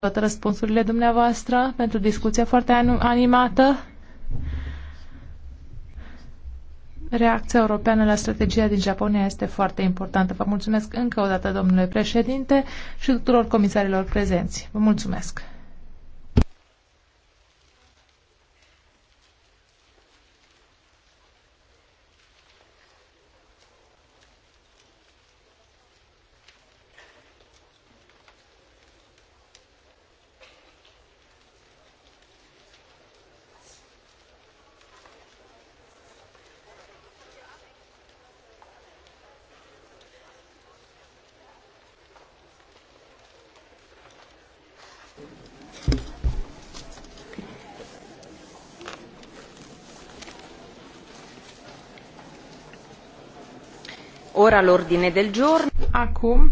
toate răspunsurile dumneavoastră pentru discuția foarte animată. Reacția europeană la strategia din Japonia este foarte importantă. Vă mulțumesc încă o dată, domnule președinte, și tuturor comisarilor prezenți. Vă mulțumesc! ora l'ordine del giorno. Acum,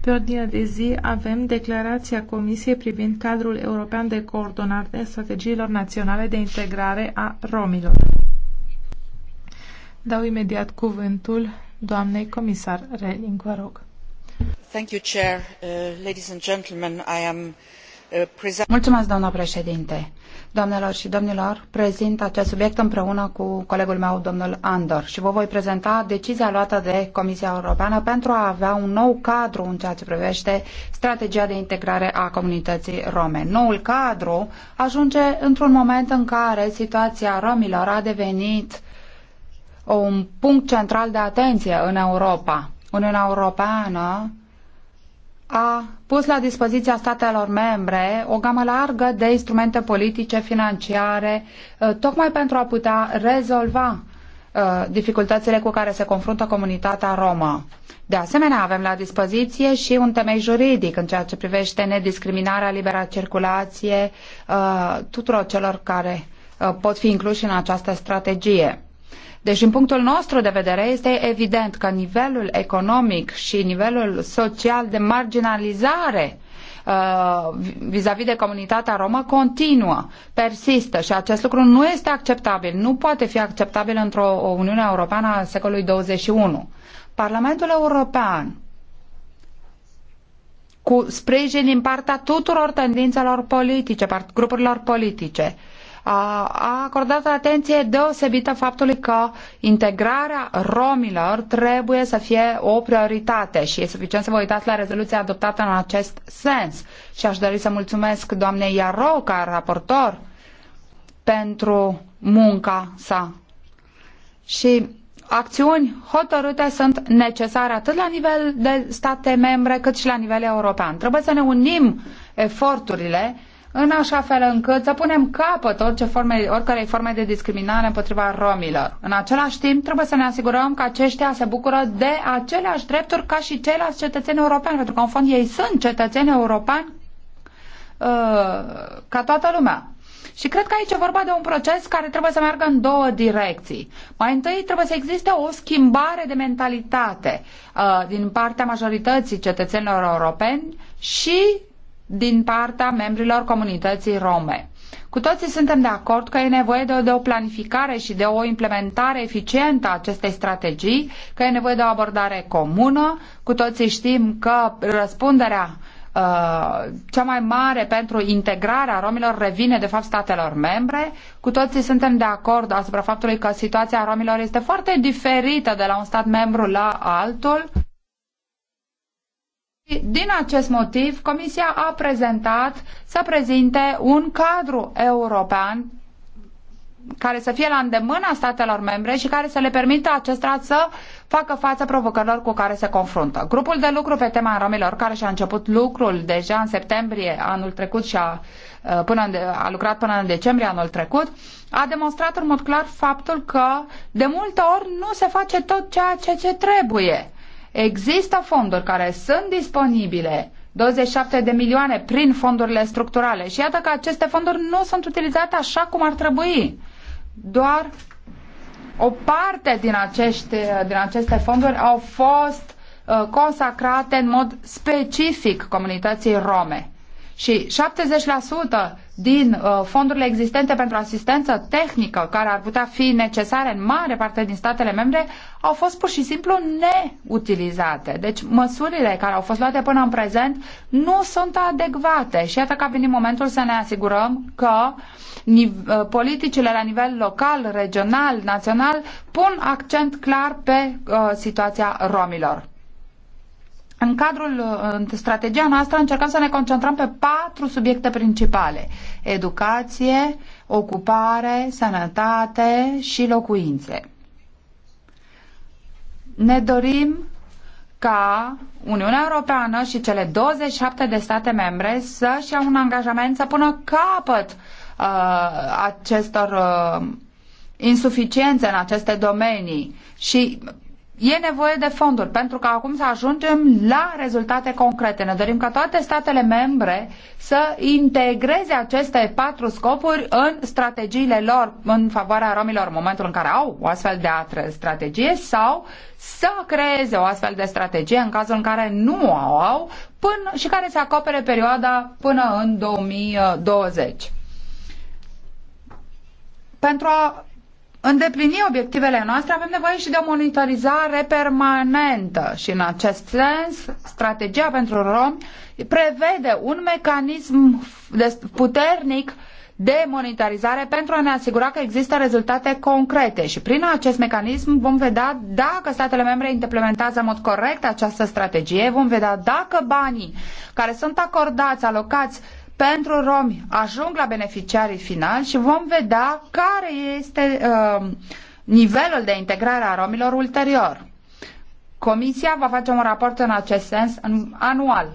pe ordine de zi, avem declarația Comisiei privind cadrul european de coordonare strategiilor naționale de integrare a romilor. Dau imediat cuvântul doamnei comisar Reding, vă rog. Thank you, Chair. Uh, ladies and gentlemen, I am Mulțumesc, președinte. Doamnelor și domnilor, prezint acest subiect împreună cu colegul meu, domnul Andor, și vă voi prezenta decizia luată de Comisia Europeană pentru a avea un nou cadru în ceea ce privește strategia de integrare a comunității rome. Noul cadru ajunge într-un moment în care situația romilor a devenit un punct central de atenție în Europa. Uniunea Europeană a pus la dispoziția statelor membre o gamă largă de instrumente politice, financiare, uh, tocmai pentru a putea rezolva uh, dificultățile cu care se confruntă comunitatea romă. De asemenea, avem la dispoziție și un temei juridic în ceea ce privește nediscriminarea, libera circulație uh, tuturor celor care pot fi incluși în această strategie. Deci, din punctul nostru de vedere, este evident că nivelul economic și nivelul social de marginalizare uh, vis-a-vis uh, -vis de comunitatea romă continuă, persistă și acest lucru nu este acceptabil, nu poate fi acceptabil într-o Uniune Europeană a secolului 21. Parlamentul European cu sprijin din partea tuturor tendințelor politice, grupurilor politice, uh, a acordat atenție deosebită faptului că integrarea romilor trebuie să fie o prioritate și e suficient să vă uitați la rezoluția adoptată în acest sens. Și aș dori să mulțumesc doamnei Iaro ca raportor pentru munca sa. Și acțiuni hotărâte sunt necesare atât la nivel de state membre cât și la nivel european. Trebuie să ne unim eforturile în așa fel încât să punem capăt orice forme, oricărei forme de discriminare împotriva romilor. În același timp, trebuie să ne asigurăm că aceștia se bucură de aceleași drepturi ca și ceilalți cetățeni europeni, pentru că, în fond, ei sunt cetățeni europeni uh, ca toată lumea. Și cred că aici e vorba de un proces care trebuie să meargă în două direcții. Mai întâi trebuie să existe o schimbare de mentalitate uh, din partea majorității cetățenilor europeni și din partea membrilor comunității rome. Cu toții suntem de acord că e nevoie de o, de o planificare și de o implementare eficientă a acestei strategii, că e nevoie de o abordare comună. Cu toții știm că răspunderea uh, cea mai mare pentru integrarea romilor revine de fapt statelor membre. Cu toții suntem de acord asupra faptului că situația romilor este foarte diferită de la un stat membru la altul din acest motiv, Comisia a prezentat să prezinte un cadru european care să fie la îndemâna statelor membre și care să le permită acestora să facă față provocărilor cu care se confruntă. Grupul de lucru pe tema romilor, care și-a început lucrul deja în septembrie anul trecut și a, uh, până în, a lucrat până în decembrie anul trecut, a demonstrat în mod clar faptul că de multe ori nu se face tot ceea ce, ce trebuie Există fonduri care sunt disponibile, 27 de milioane prin fondurile structurale și iată că aceste fonduri nu sunt utilizate așa cum ar trebui. Doar o parte din, acești, din aceste fonduri au fost uh, consacrate în mod specific comunității rome. Și 70% din uh, fondurile existente pentru asistență tehnică care ar putea fi necesare în mare parte din statele membre au fost pur și simplu neutilizate. Deci măsurile care au fost luate până în prezent nu sunt adecvate și iată că a venit momentul să ne asigurăm că uh, politicile la nivel local, regional, național pun accent clar pe uh, situația romilor. În cadrul uh, în strategia noastră încercăm să ne concentrăm pe patru subiecte principale. Educație, ocupare, sănătate și locuințe. Ne dorim ca Uniunea Europeană și cele 27 de state membre să-și iau un angajament să pună capăt uh, acestor uh, insuficiențe în aceste domenii și e nevoie de fonduri pentru că acum să ajungem la rezultate concrete. Ne dorim ca toate statele membre să integreze aceste patru scopuri în strategiile lor în favoarea romilor în momentul în care au o astfel de strategie sau să creeze o astfel de strategie în cazul în care nu o au până, și care să acopere perioada până în 2020. Pentru a îndeplini obiectivele noastre, avem nevoie și de o monitorizare permanentă și în acest sens, strategia pentru romi prevede un mecanism puternic de monitorizare pentru a ne asigura că există rezultate concrete și prin acest mecanism vom vedea dacă statele membre implementează în mod corect această strategie, vom vedea dacă banii care sunt acordați, alocați pentru romi ajung la beneficiarii finali și vom vedea care este uh, nivelul de integrare a romilor ulterior. Comisia va face un raport în acest sens în, anual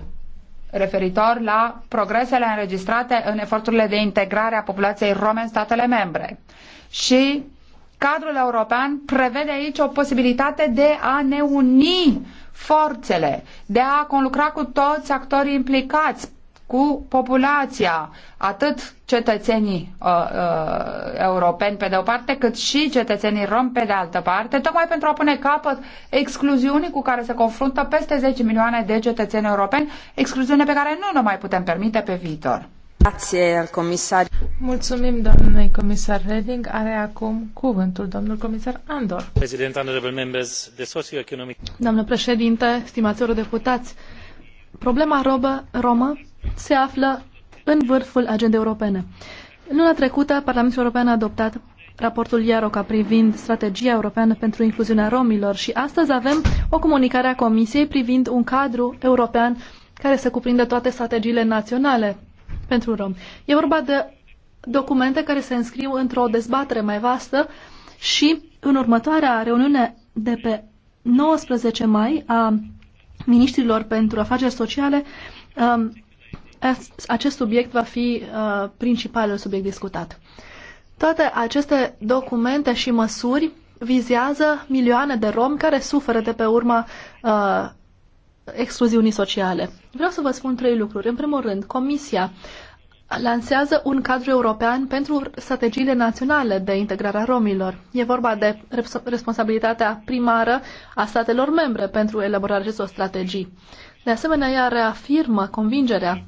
referitor la progresele înregistrate în eforturile de integrare a populației rome în statele membre. Și cadrul european prevede aici o posibilitate de a ne uni forțele, de a conlucra cu toți actorii implicați cu populația, atât cetățenii uh, uh, europeni pe de o parte, cât și cetățenii rom pe de altă parte, tocmai pentru a pune capăt excluziunii cu care se confruntă peste 10 milioane de cetățeni europeni, excluziune pe care nu ne mai putem permite pe viitor. Mulțumim, domnului comisar Reding. Are acum cuvântul domnul comisar Andor. Domnul președinte, stimați eurodeputați, Problema robă, romă se află în vârful agendei europene. Luna trecută, Parlamentul European a adoptat raportul IAROCA privind strategia europeană pentru incluziunea romilor și astăzi avem o comunicare a Comisiei privind un cadru european care să cuprindă toate strategiile naționale pentru rom. E vorba de documente care se înscriu într-o dezbatere mai vastă și în următoarea reuniune de pe 19 mai a ministrilor pentru afaceri sociale, um, acest subiect va fi uh, principalul subiect discutat. Toate aceste documente și măsuri vizează milioane de romi care suferă de pe urma uh, excluziunii sociale. Vreau să vă spun trei lucruri. În primul rând, Comisia lansează un cadru european pentru strategiile naționale de integrare a romilor. E vorba de responsabilitatea primară a statelor membre pentru elaborarea acestor strategii. De asemenea, ea reafirmă convingerea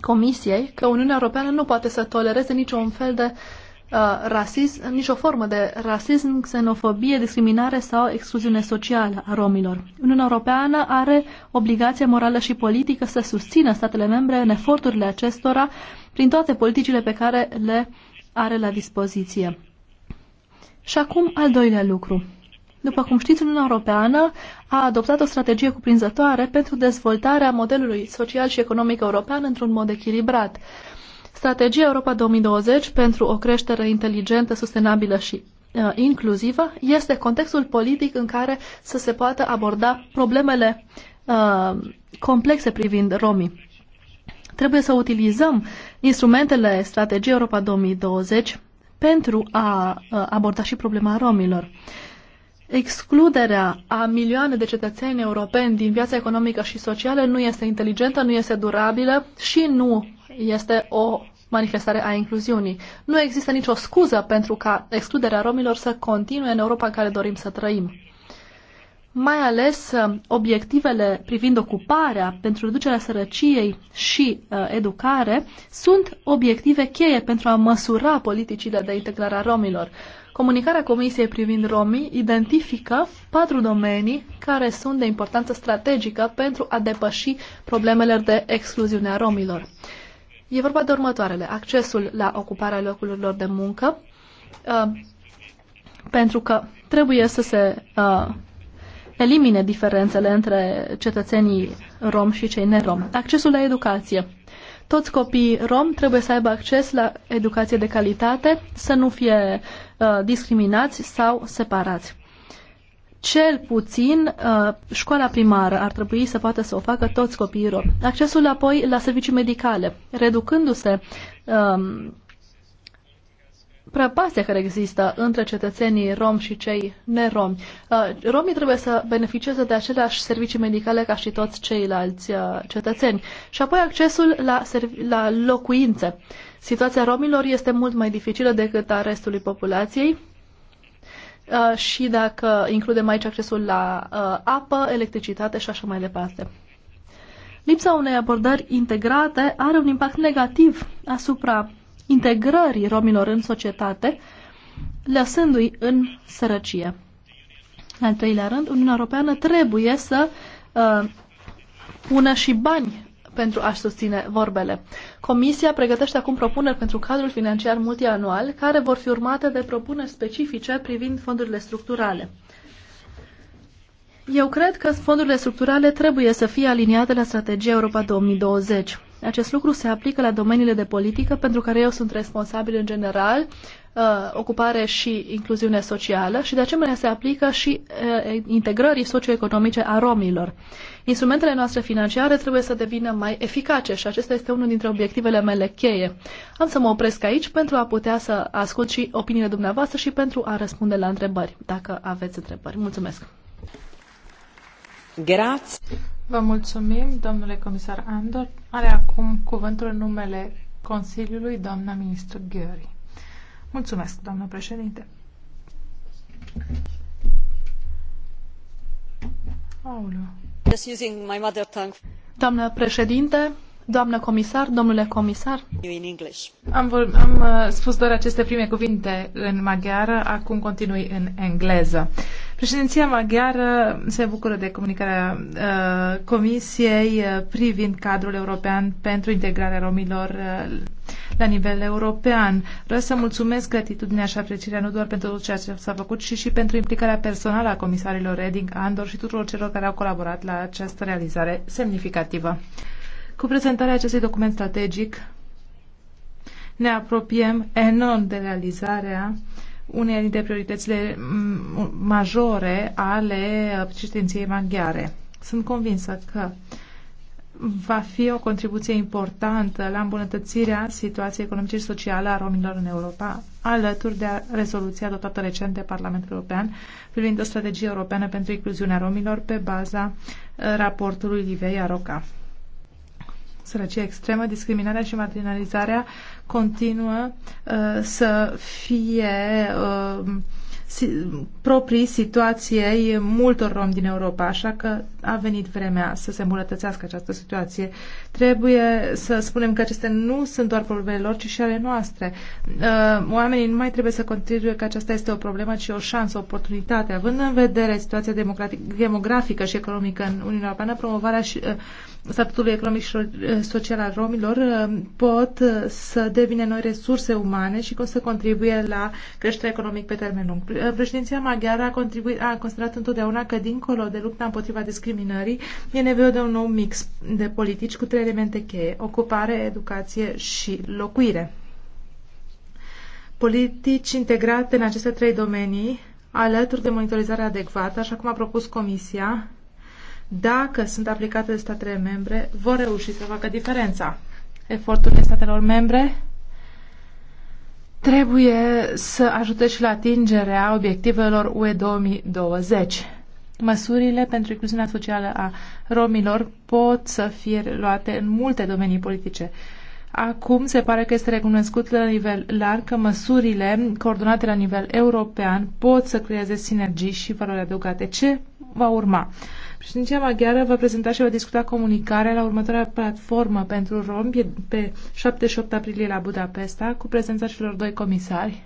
Comisiei că Uniunea Europeană nu poate să tolereze niciun fel de uh, rasism, nicio formă de rasism, xenofobie, discriminare sau excluziune socială a romilor. Uniunea Europeană are obligația morală și politică să susțină statele membre în eforturile acestora prin toate politicile pe care le are la dispoziție. Și acum al doilea lucru. După cum știți, Uniunea Europeană a adoptat o strategie cuprinzătoare pentru dezvoltarea modelului social și economic european într-un mod echilibrat. Strategia Europa 2020 pentru o creștere inteligentă, sustenabilă și uh, inclusivă este contextul politic în care să se poată aborda problemele uh, complexe privind romii. Trebuie să utilizăm instrumentele strategiei Europa 2020 pentru a aborda și problema romilor. Excluderea a milioane de cetățeni europeni din viața economică și socială nu este inteligentă, nu este durabilă și nu este o manifestare a incluziunii. Nu există nicio scuză pentru ca excluderea romilor să continue în Europa în care dorim să trăim mai ales uh, obiectivele privind ocuparea pentru reducerea sărăciei și uh, educare sunt obiective cheie pentru a măsura politicile de integrare a romilor. Comunicarea Comisiei privind romii identifică patru domenii care sunt de importanță strategică pentru a depăși problemele de excluziune a romilor. E vorba de următoarele. Accesul la ocuparea locurilor de muncă, uh, pentru că trebuie să se uh, elimine diferențele între cetățenii rom și cei nerom. Accesul la educație. Toți copiii rom trebuie să aibă acces la educație de calitate, să nu fie uh, discriminați sau separați. Cel puțin uh, școala primară ar trebui să poată să o facă toți copiii rom. Accesul apoi la servicii medicale, reducându-se uh, prăpastie care există între cetățenii rom și cei neromi. Uh, romii trebuie să beneficieze de aceleași servicii medicale ca și toți ceilalți uh, cetățeni. Și apoi accesul la, la locuințe. Situația romilor este mult mai dificilă decât a restului populației uh, și dacă includem aici accesul la apă, electricitate și așa mai departe. Lipsa unei abordări integrate are un impact negativ asupra integrării romilor în societate, lăsându-i în sărăcie. În al treilea rând, Uniunea Europeană trebuie să uh, pună și bani pentru a-și susține vorbele. Comisia pregătește acum propuneri pentru cadrul financiar multianual, care vor fi urmate de propuneri specifice privind fondurile structurale. Eu cred că fondurile structurale trebuie să fie aliniate la strategia Europa 2020. Acest lucru se aplică la domeniile de politică pentru care eu sunt responsabil în general, uh, ocupare și incluziune socială și de asemenea se aplică și uh, integrării socioeconomice a romilor. Instrumentele noastre financiare trebuie să devină mai eficace și acesta este unul dintre obiectivele mele cheie. Am să mă opresc aici pentru a putea să ascult și opiniile dumneavoastră și pentru a răspunde la întrebări, dacă aveți întrebări. Mulțumesc! Grazie. Vă mulțumim, domnule comisar Andor. Are acum cuvântul în numele Consiliului, doamna ministru Gheori. Mulțumesc, doamnă președinte. Aulă. Just using my mother tongue. Doamnă președinte, Doamnă comisar, domnule comisar. Am, vor, am uh, spus doar aceste prime cuvinte în maghiară, acum continui în engleză. Președinția maghiară se bucură de comunicarea uh, Comisiei uh, privind cadrul european pentru integrarea romilor uh, la nivel european. Vreau să mulțumesc gratitudinea și aprecierea nu doar pentru tot ceea ce s-a făcut, ci și pentru implicarea personală a comisarilor Reding, Andor și tuturor celor care au colaborat la această realizare semnificativă. Cu prezentarea acestui document strategic ne apropiem enorm de realizarea uh, unele dintre prioritățile majore ale președinției maghiare. Sunt convinsă că va fi o contribuție importantă la îmbunătățirea situației economice și sociale a romilor în Europa, alături de rezoluția adoptată recent de Parlamentul European privind o strategie europeană pentru incluziunea romilor pe baza eh, raportului Livei Aroca sărăcia extremă, discriminarea și marginalizarea continuă uh, să fie uh, proprii situației multor romi din Europa, așa că a venit vremea să se îmbunătățească această situație. Trebuie să spunem că acestea nu sunt doar problemele lor, ci și ale noastre. Uh, oamenii nu mai trebuie să contribuie că aceasta este o problemă, ci o șansă, o oportunitate. Având în vedere situația demografică și economică în Uniunea Europeană, promovarea și uh, statutului economic și uh, social al romilor pot să devină noi resurse umane și cum să contribuie la creșterea economică pe termen lung. Președinția maghiară a, contribuit, a considerat întotdeauna că, dincolo de lupta împotriva discriminării, e nevoie de un nou mix de politici cu trei elemente cheie, ocupare, educație și locuire. Politici integrate în aceste trei domenii, alături de monitorizarea adecvată, așa cum a propus Comisia, dacă sunt aplicate de statele membre, vor reuși să facă diferența. Eforturile statelor membre trebuie să ajute și la atingerea obiectivelor UE 2020. Măsurile pentru incluziunea socială a romilor pot să fie luate în multe domenii politice. Acum se pare că este recunoscut la nivel larg că măsurile coordonate la nivel european pot să creeze sinergii și valori adăugate. Ce va urma? Președinția maghiară va prezenta și va discuta comunicarea la următoarea platformă pentru rom pe 78 aprilie la Budapesta cu prezența celor doi comisari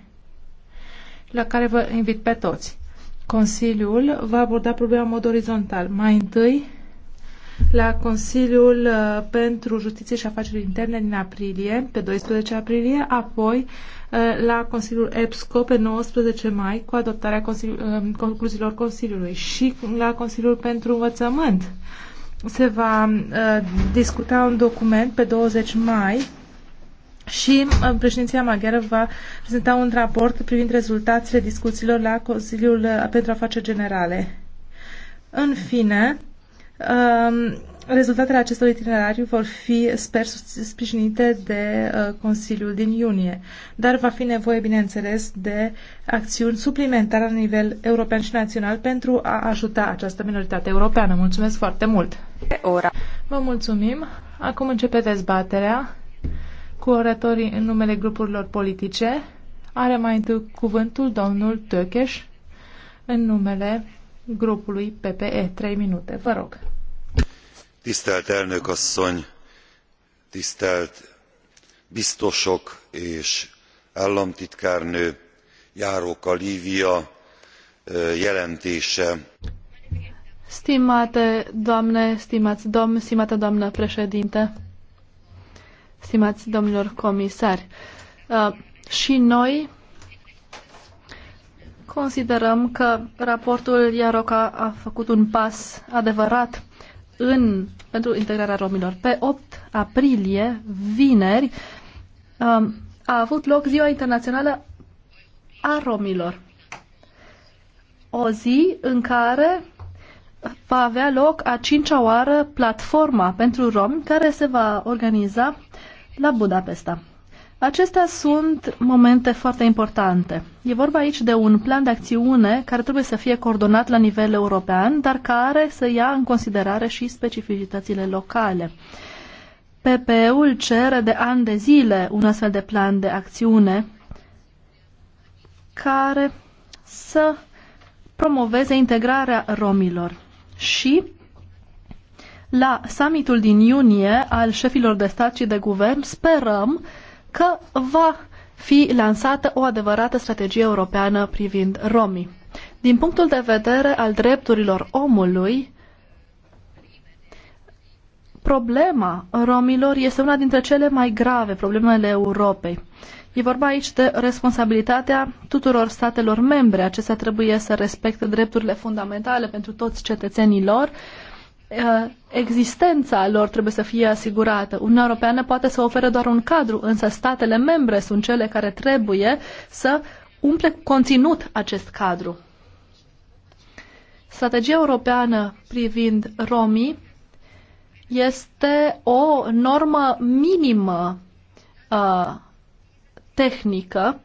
la care vă invit pe toți. Consiliul va aborda problema în mod orizontal. Mai întâi, la Consiliul uh, pentru Justiție și Afaceri Interne din aprilie, pe 12 aprilie, apoi uh, la Consiliul EPSCO pe 19 mai cu adoptarea uh, concluziilor Consiliului și la Consiliul pentru Învățământ. Se va discuta un document pe 20 mai și președinția maghiară va prezenta un raport privind rezultatele discuțiilor la Consiliul pentru Afaceri Generale. În fine, Ehm, rezultatele acestor itinerariu vor fi, sper, sprijinite de eh, Consiliul din iunie, dar va fi nevoie, bineînțeles, de acțiuni suplimentare la nivel european și național pentru a ajuta această minoritate europeană. Mulțumesc foarte mult! Ora. Vă mulțumim! Acum începe dezbaterea cu oratorii în numele grupurilor politice. Are mai întâi cuvântul domnul Tökeș în numele grupului PPE. trei minute, vă rog. Tisztelt elnök asszony, tisztelt biztosok és államtitkárnő, Járóka Lívia jelentése. Stimate doamne, stimați domn, stimată doamnă președinte, stimați domnilor comisari, și noi Considerăm că raportul Iaroca a făcut un pas adevărat în, pentru integrarea romilor. Pe 8 aprilie, vineri, um, a avut loc Ziua Internațională a Romilor. O zi în care va avea loc a cincea oară platforma pentru romi care se va organiza la Budapesta. Acestea sunt momente foarte importante. E vorba aici de un plan de acțiune care trebuie să fie coordonat la nivel european, dar care să ia în considerare și specificitățile locale. PPE-ul cere de ani de zile un astfel de plan de acțiune care să promoveze integrarea romilor și la summitul din iunie al șefilor de stat și de guvern sperăm că va fi lansată o adevărată strategie europeană privind romii. Din punctul de vedere al drepturilor omului, problema romilor este una dintre cele mai grave problemele Europei. E vorba aici de responsabilitatea tuturor statelor membre. Acestea trebuie să respecte drepturile fundamentale pentru toți cetățenii lor Eh, existența lor trebuie să fie asigurată. Uniunea Europeană poate să ofere doar un cadru, însă statele membre sunt cele care trebuie să umple conținut acest cadru. Strategia europeană privind romii este o normă minimă uh, tehnică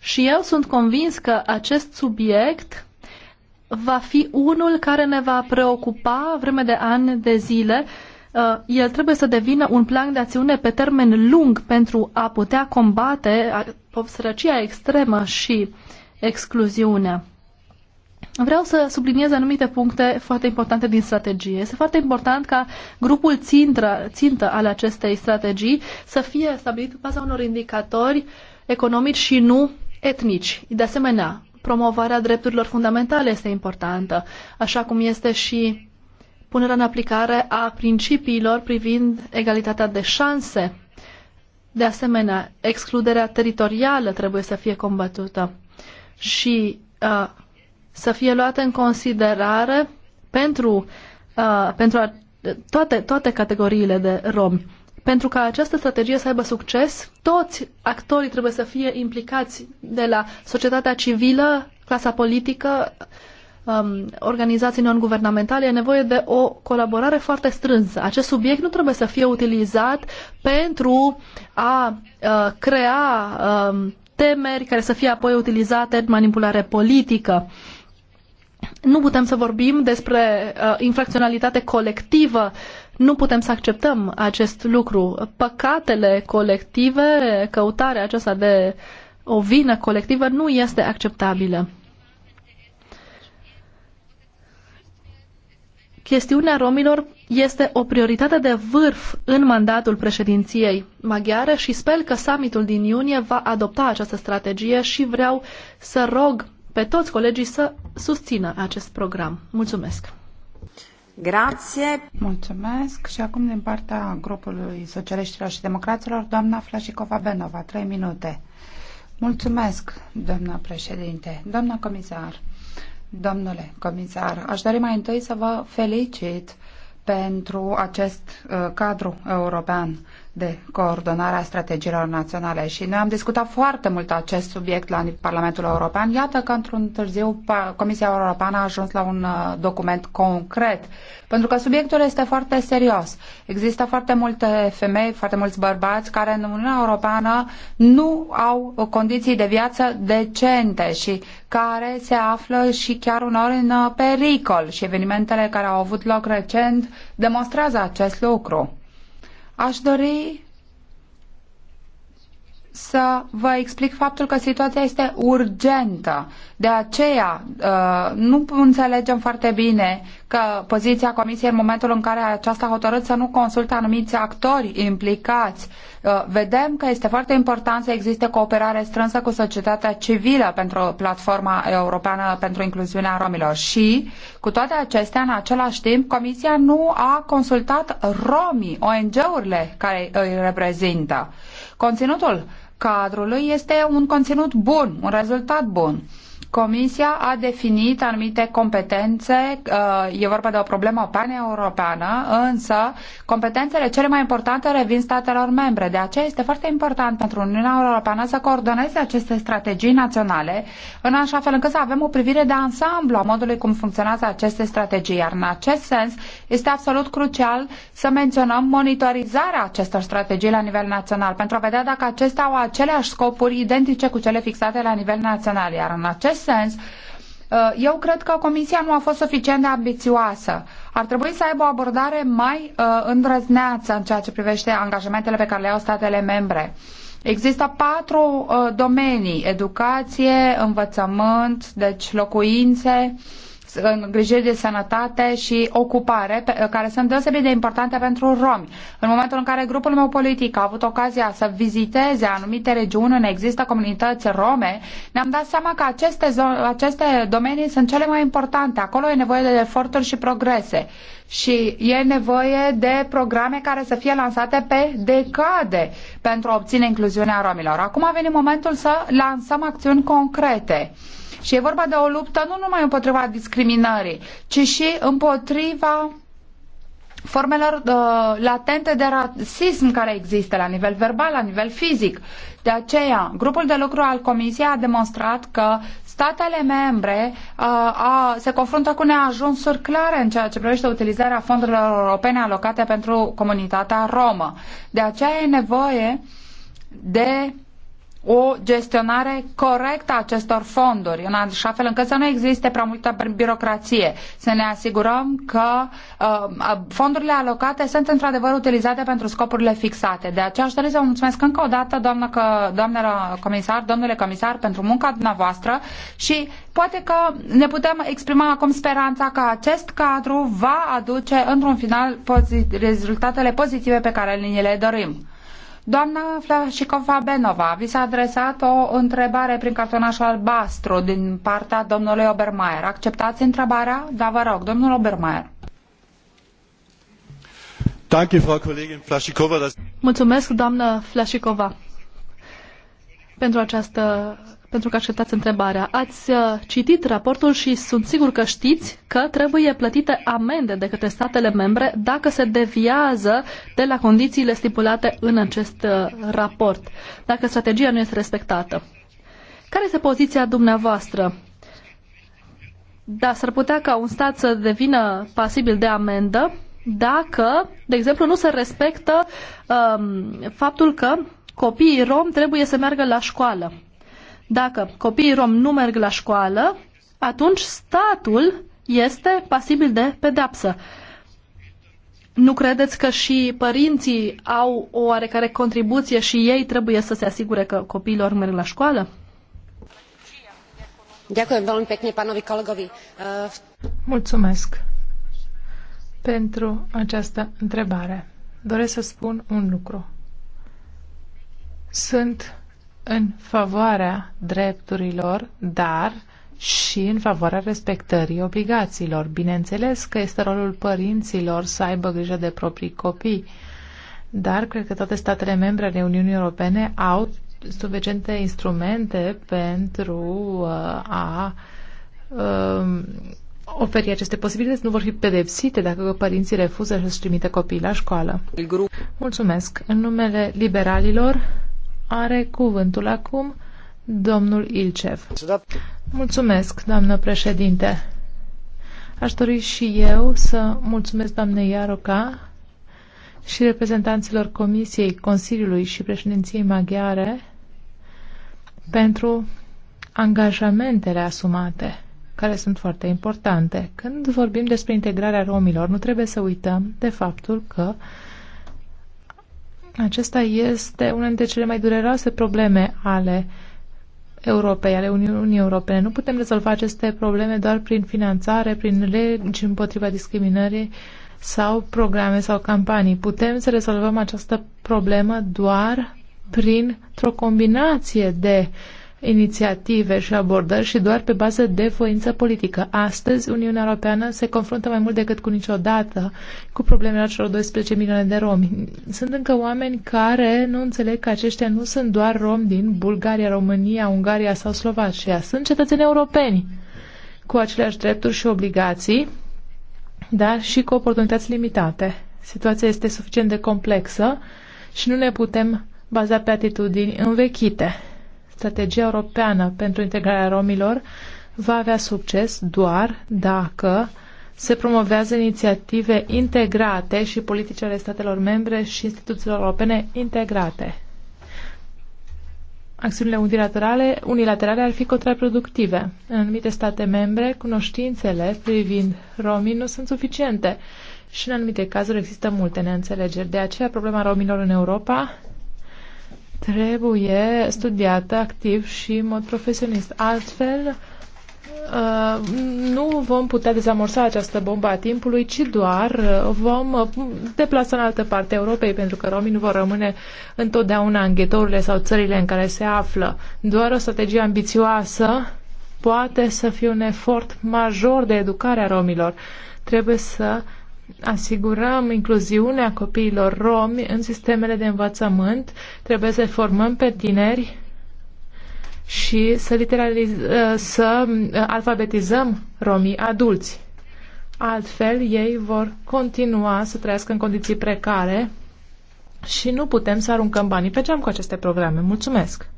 și eu sunt convins că acest subiect va fi unul care ne va preocupa vreme de ani de zile. Uh, el trebuie să devină un plan de acțiune pe termen lung pentru a putea combate sărăcia extremă și excluziunea. Vreau să subliniez anumite puncte foarte importante din strategie. Este foarte important ca grupul țintră, țintă al acestei strategii să fie stabilit pe baza unor indicatori economici și nu etnici. De asemenea, promovarea drepturilor fundamentale este importantă, așa cum este și punerea în aplicare a principiilor privind egalitatea de șanse. De asemenea, excluderea teritorială trebuie să fie combătută și uh, să fie luată în considerare pentru, uh, pentru a, toate, toate categoriile de romi. Pentru ca această strategie să aibă succes, toți actorii trebuie să fie implicați de la societatea civilă, clasa politică, um, organizații non-guvernamentale, e nevoie de o colaborare foarte strânsă. Acest subiect nu trebuie să fie utilizat pentru a uh, crea um, temeri care să fie apoi utilizate în manipulare politică. Nu putem să vorbim despre uh, infracționalitate colectivă uh, nu putem să acceptăm acest lucru. Păcatele colective, căutarea aceasta de o vină colectivă nu este acceptabilă. Chestiunea romilor este o prioritate de vârf în mandatul președinției maghiare și sper că summitul din iunie va adopta această strategie și vreau să rog pe toți colegii să susțină acest program. Mulțumesc! Grație. Mulțumesc. Și acum din partea grupului Socialiștilor și Democraților, doamna Flașicova Benova, trei minute. Mulțumesc, doamna președinte, doamna comisar, domnule comisar. Aș dori mai întâi să vă felicit pentru acest uh, cadru european de coordonare a strategiilor naționale și noi am discutat foarte mult acest subiect la Parlamentul European. Iată că într-un târziu Comisia Europeană a ajuns la un uh, document concret, pentru că subiectul este foarte serios. Există foarte multe femei, foarte mulți bărbați care în Uniunea Europeană nu au condiții de viață decente și care se află și chiar uneori în uh, pericol și evenimentele care au avut loc recent demonstrează acest lucru. Aș dori să vă explic faptul că situația este urgentă. De aceea uh, nu înțelegem foarte bine că poziția Comisiei în momentul în care aceasta a hotărât să nu consulte anumiți actori implicați. Uh, vedem că este foarte important să existe cooperare strânsă cu societatea civilă pentru platforma europeană pentru incluziunea romilor și cu toate acestea, în același timp, Comisia nu a consultat romii, ONG-urile care îi reprezintă. Conținutul cadrului este un conținut bun, un rezultat bun. Comisia a definit anumite competențe, uh, e vorba de o problemă paneuropeană, însă competențele cele mai importante revin statelor membre. De aceea este foarte important pentru Uniunea Europeană să coordoneze aceste strategii naționale, în așa fel încât să avem o privire de ansamblu a modului cum funcționează aceste strategii. Iar în acest sens este absolut crucial să menționăm monitorizarea acestor strategii la nivel național, pentru a vedea dacă acestea au aceleași scopuri identice cu cele fixate la nivel național. Iar în acest acest sens, uh, eu cred că Comisia nu a fost suficient de ambițioasă. Ar trebui să aibă o abordare mai uh, îndrăzneață în ceea ce privește angajamentele pe care le au statele membre. Există patru uh, domenii, educație, învățământ, deci locuințe, uh, îngrijiri de sănătate și ocupare, care sunt deosebit de importante pentru romi. În momentul în care grupul meu politic a avut ocazia să viziteze anumite regiuni unde există comunități rome, ne-am dat seama că aceste, aceste domenii sunt cele mai importante. Acolo e nevoie de eforturi și progrese și e nevoie de programe care să fie lansate pe decade pentru a obține incluziunea romilor. Acum a venit momentul să lansăm acțiuni concrete. Și e vorba de o luptă nu numai împotriva discriminării, ci și împotriva formelor uh, latente de rasism care există la nivel verbal, la nivel fizic. De aceea, grupul de lucru al Comisiei a demonstrat că statele membre uh, a, se confruntă cu neajunsuri clare în ceea ce privește utilizarea fondurilor europene alocate pentru comunitatea romă. De aceea e nevoie de o gestionare corectă a acestor fonduri, în așa fel încât să nu existe prea multă birocrație. Să ne asigurăm că uh, fondurile alocate sunt într-adevăr utilizate pentru scopurile fixate. De aceea aș dori să vă mulțumesc încă o dată, doamnă, că, doamnă comisar, domnule comisar, pentru munca dumneavoastră și poate că ne putem exprima acum speranța că acest cadru va aduce într-un final rezultatele pozitive pe care ni le dorim. Doamna Flașicova Benova, vi s-a adresat o întrebare prin cartonașul albastru din partea domnului Obermaier. Acceptați întrebarea? Da, vă rog, domnul Obermaier. Mulțumesc, doamnă Flașicova, pentru această pentru că acceptați întrebarea. Ați uh, citit raportul și sunt sigur că știți că trebuie plătite amende de către statele membre dacă se deviază de la condițiile stipulate în acest uh, raport, dacă strategia nu este respectată. Care este poziția dumneavoastră? Da, s-ar putea ca un stat să devină pasibil de amendă dacă, de exemplu, nu se respectă um, faptul că copiii rom trebuie să meargă la școală. Dacă copiii rom nu merg la școală, atunci statul este pasibil de pedapsă. Nu credeți că și părinții au o oarecare contribuție și ei trebuie să se asigure că copiilor merg la școală? Eh, Mulțumesc pentru această întrebare. Doresc să spun un lucru. Sunt în favoarea drepturilor, dar și în favoarea respectării obligațiilor. Bineînțeles că este rolul părinților să aibă grijă de proprii copii, dar cred că toate statele membre ale Uniunii Europene au suficiente instrumente pentru uh, a um, oferi aceste posibilități, nu vor fi pedepsite dacă părinții refuză să-și trimite copiii la școală. Mulțumesc. În numele liberalilor, are cuvântul acum domnul Ilcev. Mulțumesc, doamnă președinte. Aș dori și eu să mulțumesc doamnei Iaroca și reprezentanților Comisiei, Consiliului și președinției maghiare pentru angajamentele asumate, care sunt foarte importante. Când vorbim despre integrarea romilor, nu trebuie să uităm de faptul că uh, acesta este una dintre cele mai dureroase probleme ale Europei, ale Uniunii Europene. Nu putem rezolva aceste probleme doar prin finanțare, prin legi împotriva discriminării sau programe sau campanii. Putem să rezolvăm această problemă doar printr-o combinație de uh, inițiative și abordări și doar pe bază de voință politică. Astăzi, Uniunea Europeană se confruntă mai mult decât cu niciodată cu problemele celor 12 milioane de romi. Sunt încă oameni care nu înțeleg că aceștia nu sunt doar romi din Bulgaria, România, Ungaria sau Slovacia. Sunt cetățeni europeni cu aceleași drepturi și obligații, dar și cu oportunități limitate. Situația este suficient de complexă și nu ne putem baza pe atitudini învechite strategia europeană pentru integrarea romilor va avea succes doar dacă se promovează inițiative integrate și politici ale statelor membre și instituțiilor europene integrate. Acțiunile unilaterale, unilaterale ar fi contraproductive. În anumite state membre, cunoștințele privind romii nu sunt suficiente și în anumite cazuri există multe neînțelegeri. De aceea, problema romilor în Europa trebuie studiată activ și în mod profesionist. Altfel, uh, nu vom putea dezamorsa această bombă a timpului, ci doar uh, vom uh, deplasa în altă parte a Europei, pentru că romii nu vor rămâne întotdeauna în ghetourile sau țările în care se află. Doar o strategie ambițioasă poate să fie un efort major de educare a romilor. Trebuie să asigurăm incluziunea copiilor romi în sistemele de învățământ, trebuie să formăm pe tineri și să, uh, să uh, alfabetizăm romii adulți. Altfel, ei vor continua să trăiască în condiții precare și nu putem să aruncăm banii pe geam cu aceste programe. Mulțumesc!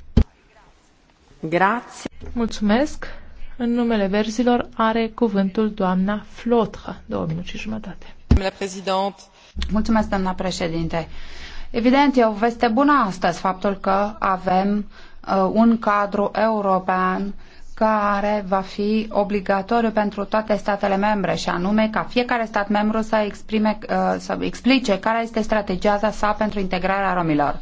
Grazie. Mulțumesc! În numele verzilor are cuvântul doamna Flotră, două minute și jumătate. Evident, e o veste bună astăzi faptul că avem uh, un cadru european care va fi obligatoriu pentru toate statele membre și anume ca fiecare stat membru să, exprime, uh, să explice care este strategia sa pentru integrarea romilor.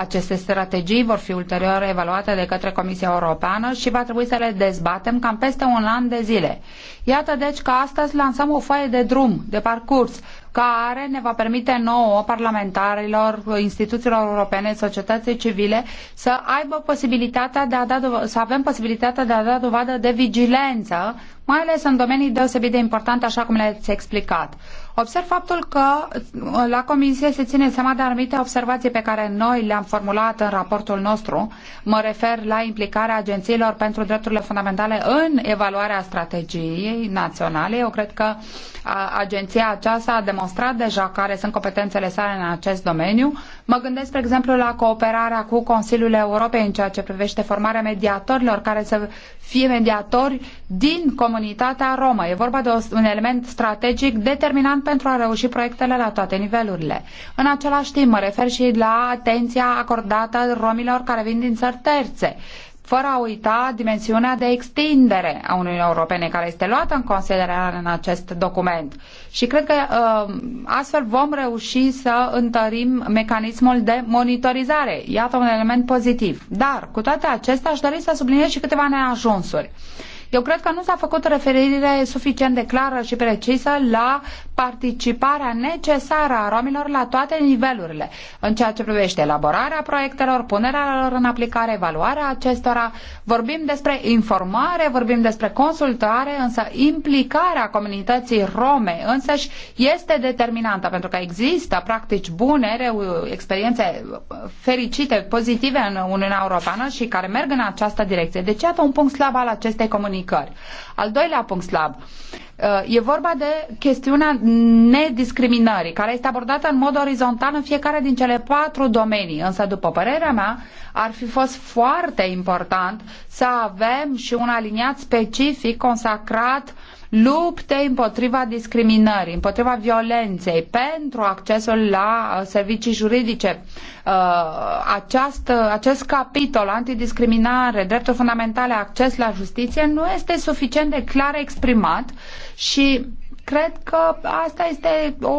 Aceste strategii vor fi ulterior evaluate de către Comisia Europeană și va trebui să le dezbatem cam peste un an de zile. Iată deci că astăzi lansăm o foaie de drum, de parcurs, care ne va permite nouă parlamentarilor, instituțiilor europene, societății civile să aibă posibilitatea de a da, să avem posibilitatea de a da dovadă de vigilență mai ales în domenii deosebit de importante, așa cum le-ați explicat. Observ faptul că uh, la comisie se ține seama de anumite observații pe care noi le-am formulat în raportul nostru. Mă refer la implicarea agențiilor pentru drepturile fundamentale în evaluarea strategiei naționale. Eu cred că uh, agenția aceasta a demonstrat deja care sunt competențele sale în acest domeniu. Mă gândesc, spre exemplu, la cooperarea cu Consiliul Europei în ceea ce privește formarea mediatorilor care să fie mediatori din comunitatea comunitatea romă. E vorba de un element strategic determinant pentru a reuși proiectele la toate nivelurile. În același timp, mă refer și la atenția acordată romilor care vin din țări terțe fără a uita dimensiunea de extindere a Uniunii Europene, care este luată în considerare în acest document. Și cred că uh, astfel vom reuși să întărim mecanismul de monitorizare. Iată un element pozitiv. Dar, cu toate acestea, aș dori să subliniez și câteva neajunsuri. Eu cred că nu s-a făcut referire suficient de clară și precisă la participarea necesară a romilor la toate nivelurile, în ceea ce privește elaborarea proiectelor, punerea lor în aplicare, evaluarea acestora. Vorbim despre informare, vorbim despre consultare, însă implicarea comunității rome însăși este determinantă, pentru că există practici bune, experiențe fericite, pozitive în Uniunea Europeană și care merg în această direcție. Deci, iată un punct slab al acestei comunicări. Al doilea punct slab Uh, e vorba de chestiunea nediscriminării, care este abordată în mod orizontal în fiecare din cele patru domenii. Însă, după părerea mea, ar fi fost foarte important să avem și un aliniat specific consacrat uh, lupte împotriva discriminării, împotriva violenței, pentru accesul la uh, servicii juridice. Uh, acest, uh, acest capitol, antidiscriminare, drepturi fundamentale, acces la justiție, nu este suficient de clar exprimat și cred că asta este o,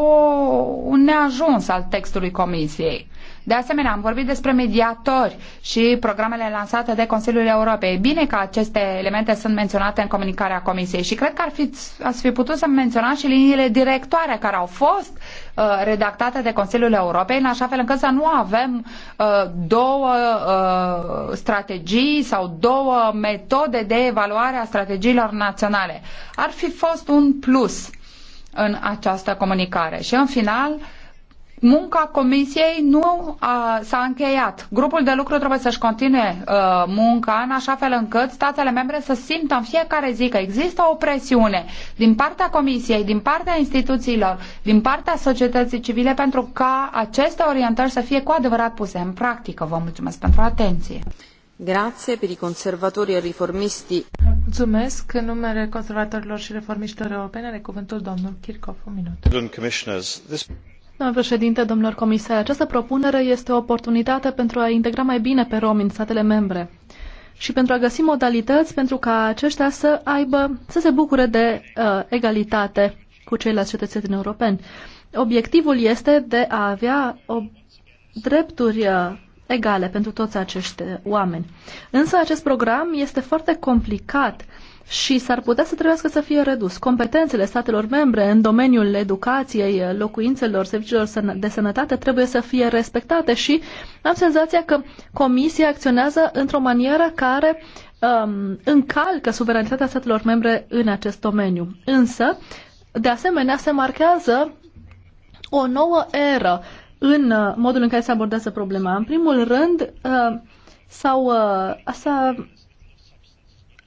un neajuns al textului Comisiei. De asemenea, am vorbit despre mediatori și programele lansate de Consiliul Europei. E bine că aceste elemente sunt menționate în comunicarea Comisiei și cred că ar fi, ați fi putut să menționați și liniile directoare care au fost uh, redactate de Consiliul Europei, în așa fel încât să nu avem uh, două uh, strategii sau două metode de evaluare a strategiilor naționale. Ar fi fost un plus în această comunicare. Și în final, uh, Munca comisiei nu s-a încheiat. Grupul de lucru trebuie să-și continue uh, munca în așa fel încât statele membre să simtă în fiecare zi că există o presiune din partea comisiei, din partea instituțiilor, din partea societății civile pentru ca aceste orientări să fie cu adevărat puse în practică. Vă mulțumesc pentru atenție. Grazie per i conservatori e riformisti. Mulțumesc. În numele conservatorilor și reformiștilor europene are cuvântul domnul Kirchhoff. Un minut. Doamna președinte, domnilor comisari, această propunere este o oportunitate pentru a integra mai bine pe romi în statele membre și pentru a găsi modalități pentru ca aceștia să aibă, să se bucure de uh, egalitate cu ceilalți cetățeni europeni. Obiectivul este de a avea o drepturi uh, egale pentru toți acești oameni. Însă acest program este foarte complicat uh, și s-ar putea să trebuiască să fie redus. Competențele statelor membre în domeniul educației, locuințelor, serviciilor de sănătate trebuie să fie respectate și am senzația că Comisia acționează într-o manieră care um, încalcă suveranitatea statelor membre în acest domeniu. Însă, de asemenea, se marchează o nouă eră în uh, modul în care se abordează problema. În primul rând, uh, s-au, uh,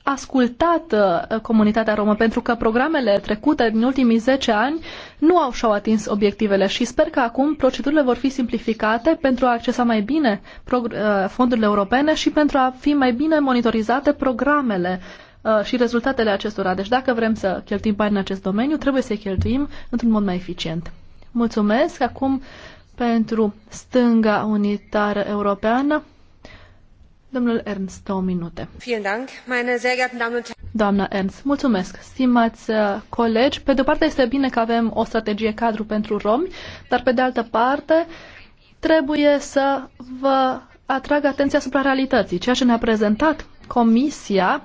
ascultat uh, comunitatea romă, pentru că programele trecute din ultimii 10 ani nu au și-au atins obiectivele și sper că acum procedurile vor fi simplificate pentru a accesa mai bine uh, fondurile europene și pentru a fi mai bine monitorizate programele uh, și rezultatele acestora. Deci dacă vrem să cheltuim bani în acest domeniu, trebuie să-i cheltuim într-un mod mai eficient. Mulțumesc! Acum pentru stânga unitară europeană, Domnul Ernst, două minute. Doamna Ernst, mulțumesc. Stimați uh, colegi, pe de o parte este bine că avem o strategie cadru pentru romi, dar pe de altă parte trebuie să vă atrag atenția asupra realității. Ceea ce ne-a prezentat Comisia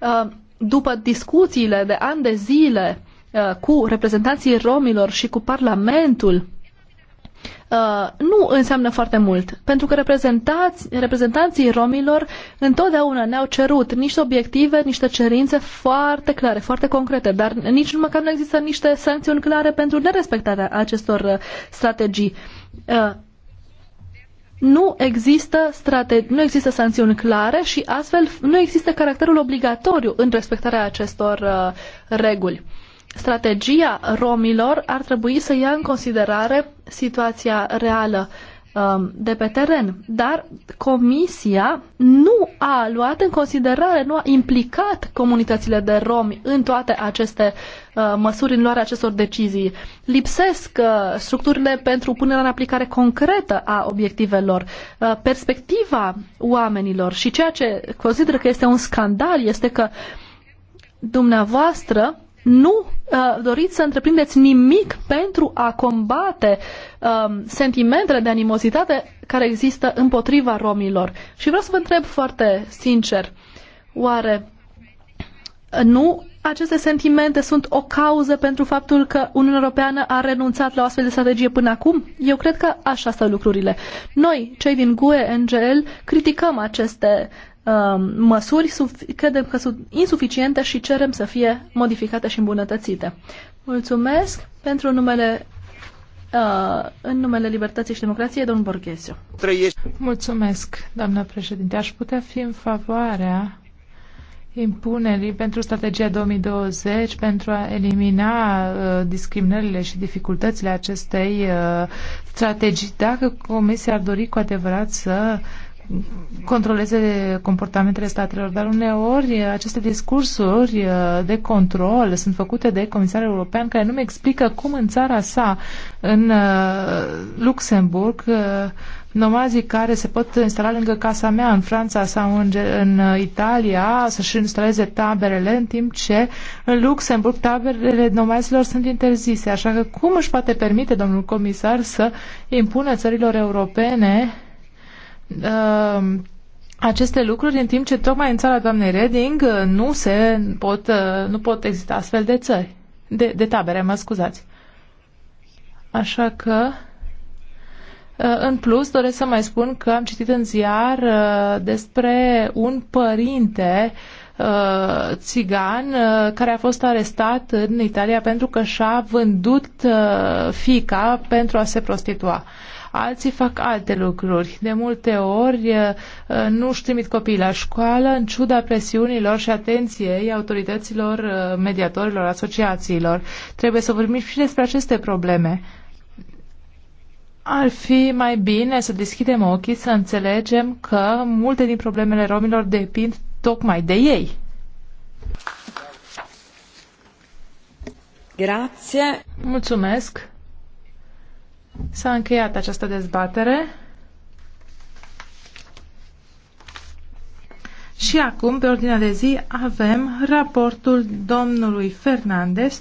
uh, după discuțiile de ani de zile uh, cu reprezentanții romilor și cu Parlamentul Uh, nu înseamnă foarte mult, pentru că reprezentanții romilor întotdeauna ne-au cerut niște obiective, niște cerințe foarte clare, foarte concrete, dar nici măcar nu există niște sancțiuni clare pentru nerespectarea acestor uh, strategii. Uh, nu există, strategi, nu există sancțiuni clare și astfel nu există caracterul obligatoriu în respectarea acestor uh, reguli strategia romilor ar trebui să ia în considerare situația reală um, de pe teren, dar comisia nu a luat în considerare, nu a implicat comunitățile de romi în toate aceste uh, măsuri, în luarea acestor decizii. Lipsesc uh, structurile pentru punerea în aplicare concretă a obiectivelor, uh, perspectiva oamenilor și ceea ce consider că este un scandal este că dumneavoastră nu uh, doriți să întreprindeți nimic pentru a combate uh, sentimentele de animozitate care există împotriva romilor. Și vreau să vă întreb foarte sincer, oare nu aceste sentimente sunt o cauză pentru faptul că Uniunea Europeană a renunțat la o astfel de strategie până acum? Eu cred că așa stau lucrurile. Noi, cei din GUE, NGL, criticăm aceste Um, măsuri credem că sunt insuficiente și cerem să fie modificate și îmbunătățite. Mulțumesc pentru numele Uh, în numele Libertății și Democrației, domnul Borghesiu. Mulțumesc, doamna președinte. Aș putea fi în favoarea impunerii pentru strategia 2020 pentru a elimina uh, discriminările și dificultățile acestei uh, strategii. Dacă Comisia ar dori cu adevărat să uh, controleze comportamentele statelor, dar uneori aceste discursuri uh, de control sunt făcute de comisarul european care nu mi explică cum în țara sa, în uh, Luxemburg, uh, nomazii care se pot instala lângă casa mea în Franța sau în, în Italia să-și instaleze taberele în timp ce în Luxemburg taberele nomazilor sunt interzise. Așa că cum își poate permite domnul comisar să impună țărilor europene Ehm, aceste lucruri, în timp ce tocmai în țara doamnei Reding uh, nu se pot, uh, nu pot exista astfel de țări, de, de tabere, mă scuzați. Așa că, uh, în plus, doresc să mai spun că am citit în ziar despre un părinte țigan care a fost arestat în Italia pentru că și-a vândut fica pentru a se prostitua alții fac alte lucruri. De multe ori eh, eh, nu-și trimit copiii la școală în ciuda presiunilor și atenției autorităților, eh, mediatorilor, asociațiilor. Trebuie să vorbim și despre aceste probleme. Ar fi mai bine să deschidem ochii, să înțelegem că multe din problemele romilor depind tocmai de ei. Grazie. Mulțumesc. S-a încheiat această dezbatere. Și acum, pe ordinea de zi, avem raportul domnului Fernandez